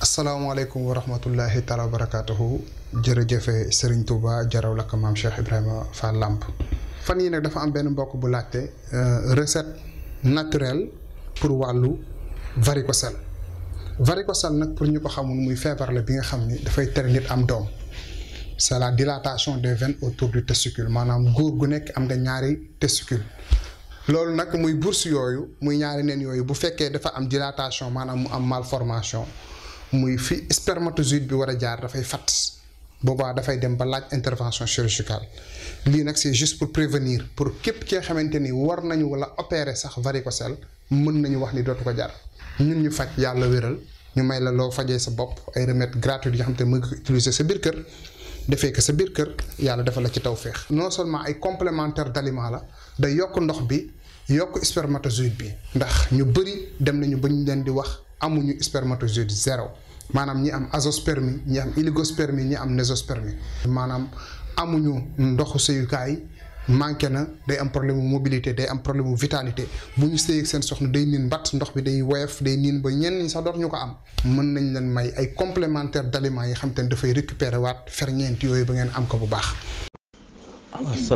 asalaamaaleykum wa rahmatullahi taala wa barakaatuhu jërëjëfe Serigne Touba jaraw la maam Cheikh Ibrahima Fall làmp fan yi nag dafa am benn mbokk bu laajte euh, recette naturelle pour wàllu vari ko ko varicocèle nag pour ñu ko xamul muy feebar la bi nga xam ni dafay tere nit am doom c'est la dilatation des veines autour du testicule maanaam góor gu nekk am nga ñaari testicule loolu nag muy bourse yooyu muy ñaari neen yooyu bu fekkee dafa am dilatation maanaam mu am malformation muy fi spermatozoïde bi war a jaar dafay fatt boobaa dafay dem ba laaj intervention chirurgicale lii nag c'est juste pour prévenir pour képp kee xamante ni war nañu wala opérer sax varicocèle mën nañu wax ni dootu ko jaar ñun ñu faj yàlla wéral ñu may la loo fajee sa bopp ay remèdes gratuits yoo xam te mën nga utiliser sa biir kër defee ko sa biir kër yàlla defal la ci tawféex. non seulement ay complémentaire d'aliments la da yokk ndox bi yokk spermatozoïde bi ndax ñu bëri dem nañu ba ñu leen di wax amuñu spermatozoïde zéro. manam ñi am azospermie ñi am oligospermie ñi am nésospermie manam amuñu ndoxu seyukaay manké na day am problème mobilité day am problème vitalité buñu sey ak seen soxna day nin bat ndox bi day woyef day nin ba ñen ñi sa doot ñuko am mën nañ leen may ay complémentaire d'aliments yi xam te ne dafay récupérer waat ferñeent yoy ba ngeen am ko bu baax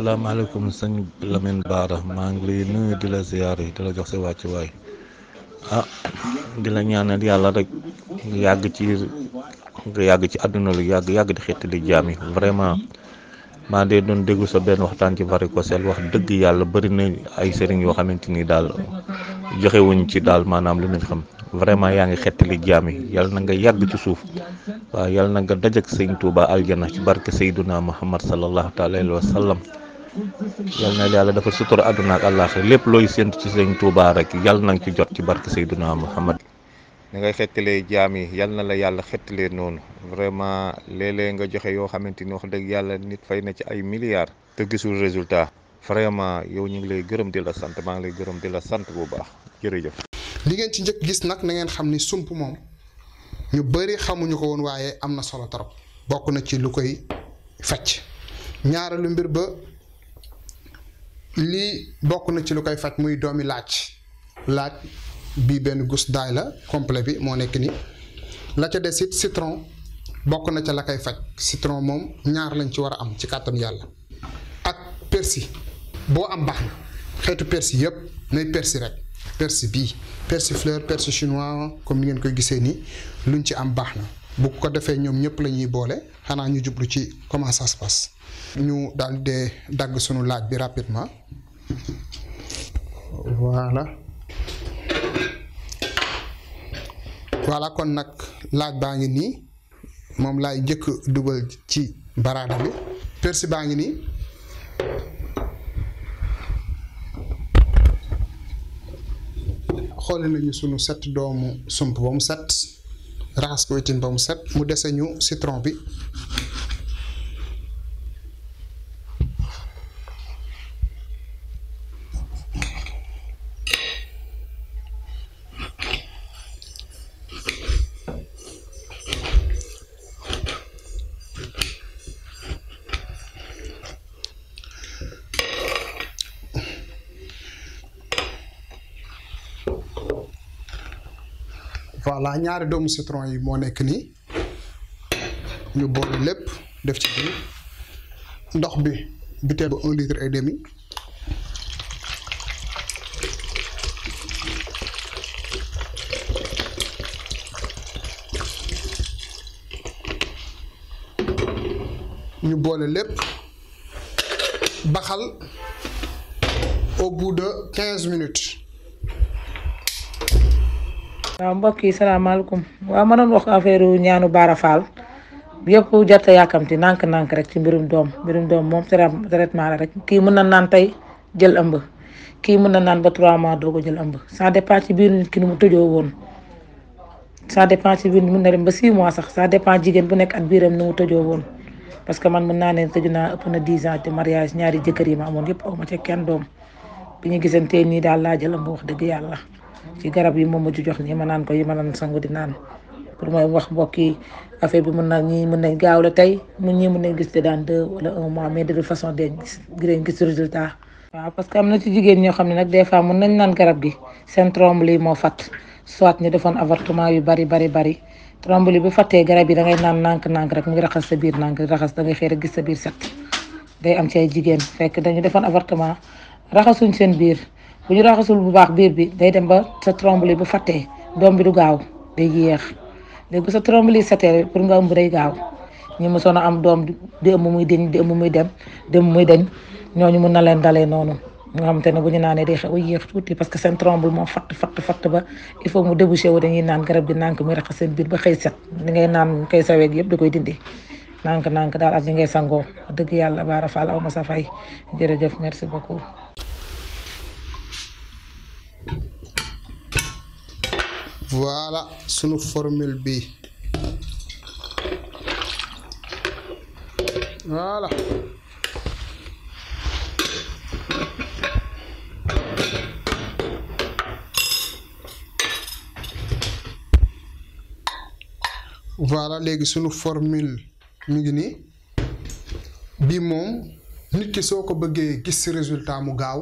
alaykum sëñ Lamine Baara ma ngi lay nuyu di la ziaré di la jox sa wàcc way ah dina la ñaanal yàlla rek nga yàgg ci nga yàgg ci àdduna lu yàgg yàgg di xettali jaam jaami vraiment maa dee doon déglu sa benn waxtaan ci varicocèle wax dëgg yàlla bëri na ay sëriñ yoo xamante ni daal joxe wuñ ci daal maanaam lu ñu xam vraiment yaa ngi xettali jaam yi yàlla na nga yàgg ci suuf waa yàlla na nga dajak sëñ Touba aljana ci barke Seyduna Muhammad sallallahu taala alayhi wa sallam yal na yàlla dafa sutura àdduna ak àllaaxira lépp looy séntu ci sëñ Tuubaa rek yal na nga ci jot ci barke Seydina Muhammad ni ngay xettalee jaam yi yal na la yàlla xettalee noonu vraiment léeg nga joxe yoo xamante ni wax dëgg yàlla nit fay na ci ay milliards te gisul résultat vraiment yow ñu ngi lay gërëm di la sant maa ngi lay gërëm di la sant bu baax jërëjëf. li ngeen ci njëkk gis nag na ngeen xam ni sump moom ñu bëri xamuñu ko woon waaye am na solo trop bokk na ci lu koy faj ñaareelu mbir ba. lii bokk na ci lu koy faj muy doomi laaj laaj bii benn gus daay la complet bi moo nekk ni la ca des it citron bokk na ca la koy faj citron moom ñaar lañ ci war a am ci kàttan yàlla ak persil boo am baax na xeetu persil yëpp nay persil rek persil bii persil fleur persil chinois comme ni ngeen koy gisee nii luñ ci am baax na bu ko defee ñoom ñëpp lañuy boole xanaa ñu jublu ci comment ça ñu daal di dagg sunu laaj bi rapidement voilà voilà kon nag laaj baa ngi nii moom laay njëkk dugal ci baraada bi persi baa ngi nii. xool nañu sunu set doomu sump ba mu set. raxas ko wetin ba mu set mu dese ñu citron bi voilà ñaari doomu citron yi mo nek ni ñu bolé lepp def ci bi ndox bi bitébu 1 litre et demi ñu bolé lepp baxal au bout de 15 minutes waaw mbokk yi salaamaaleykum waaw ma doon wax affaire ñaanu baara faal yëpp jarta yàkkamti nànk-nànk rek ci mbirum doom mbirum doom moom traitement la rek kii mën na naan tey jël ëmb kii mën na naan ba trois mois doo ko jël ëmb saa dépend ci biir nit ki nu mu tëjoo woon ça dépend ci biir mën na dem ba six mois sax ça dépend jigéen bu nekk at biiram nu mu tëjoo woon parce que man mën naa ne tëju naa ëpp na dix ans ñaari jëkkër yi ma amoon yëpp aw ma ca kenn doom bi ñu gisantee nii daal laa jël ëmb wax dëgg yàlla ci garab yi moom ma ci jox ni ma nan ko yi ma nan sangu di nan pour moy wax mbokki affaire bi mën na ñii mën nañ gaaw la tay mu ñii mën nañ gis dans deux wala un mois mais de toute façon de gis dinañ gis résultat. waaw parce que amna ci jigen ñoo xamni nak des fois mën nañ nan garab gi sen tromble mo fat soit ñu defoon avortement yu bari bari bari tromble yi bu fattee garab bi da ngay nan nank nank rek mu ngi raxas sa bir nank raxas da ngay xëy rek gis sa bir set day am ci ay jigen fekk dañu defoon avortement raxasuñ sen bir bu ñu raxasul bu baax biir bi day dem ba sa trombli bu fatte dom bi du gaaw day yéex léegi bu sa trombli setee pour nga bu day gaaw ñi mësoon am dom di am muy deñ di am muy dem dem muy deñ ñoñu mun na leen dalé nonu nga xam tane bu ñu day xew tuti parce que sen tromble mo ba il faut mu débouché wu dañuy naan garab gi nank muy raxas sen biir ba xey set li ngay naan kay sawé yépp da koy dindi nank nank daal ak ngay sango deug yalla aw ma sa fay jërëjëf merci beaucoup voilà sunu formule bi voilà voilà léegi sunu formule mu ngi ni bii moom nit ki soo ko bëggee gis ci résultat mu gaaw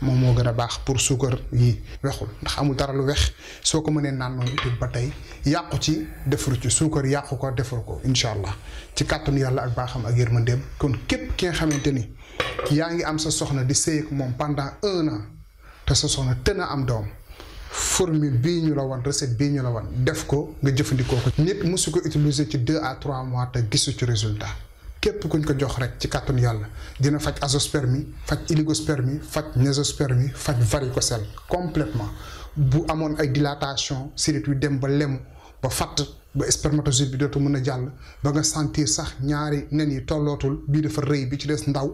moom moo gën a baax pour suukar yi wexul ndax amul dara lu wex soo ko mënee naan noonu utile ba tey yàqu ci defaru ci suukar yàqu ko defaru ko incha allah ci kàttanu yàlla ak baaxam ak ma yërmandeem kon képp ki nga xamante ni yaa ngi am sa soxna di sëy moom pendant un te sa soxna tën a am doom formule bii ñu la wan recette bii ñu la wan def ko nga jëfandikoo ko. nit mësu ko utiliser ci deux à trois mois te gisu ci résultat. képp kuñ ko jox rek ci kàttun yàlla dina faj azoospermie faj oligospermie faj nésospermie faj sel completement bu amoon ay dilatation sirit yu dem ba lemu ba fatt ba spermatozoïde bi dootu mën a jàll ba nga sentir sax ñaari nen yi tollootul bii dafa rëy bi ci des ndaw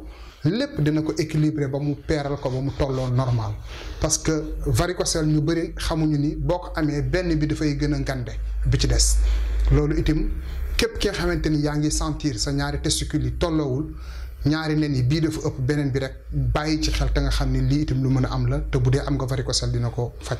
lépp dina ko équilibrer ba mu peral ko ba mu tolloo normal parce que varicocèle ñu bëri xamuñu ni boo ko amee benn bi dafay gën a ngande bi ci des loolu itim kep ki xamanteni xamante ni yaa ngi sentir sa ñaari testicule yi tolloowul ñaari nen yi bi dafa upp benen bi rek bayyi ci xel ta nga xamni li itam lu meuna am la te budé am nga varicocèle dina ko fajj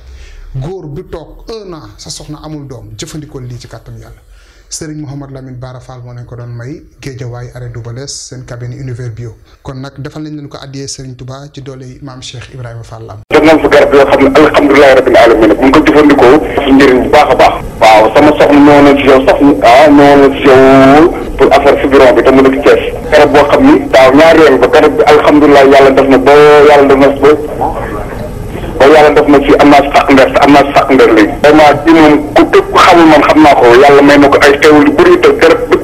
góor bu tok 1 an sa soxna amul dom jëfëndiko li ci kàttam yalla serigne mohammed Lamine Bara Fall moo leen ko don may géejawaay arrêt du balees sen cabine univers bio kon nak defal nañ len ko addé serigne Touba ci dolé imam Cheikh Ibrahima Fall am def garab yoo xam ne rabbil alamin bu ko jëfëndiko ci ndir bu baaxa baax waaw sama soxna ñëw na ci yow sax amee sew pour affaire fibrome bi te mu nekk Thiès. garab boo xam ni daaw ñaari yoon ba garab bi alhamdulilah yàlla def na ba yàlla def na ba ba yàlla def na ci am naa sàq ndeer am naa sàq ndeer léegi. vraiment ci moom ku tëb man xam naa ko yàlla may na ay xewul yu te garab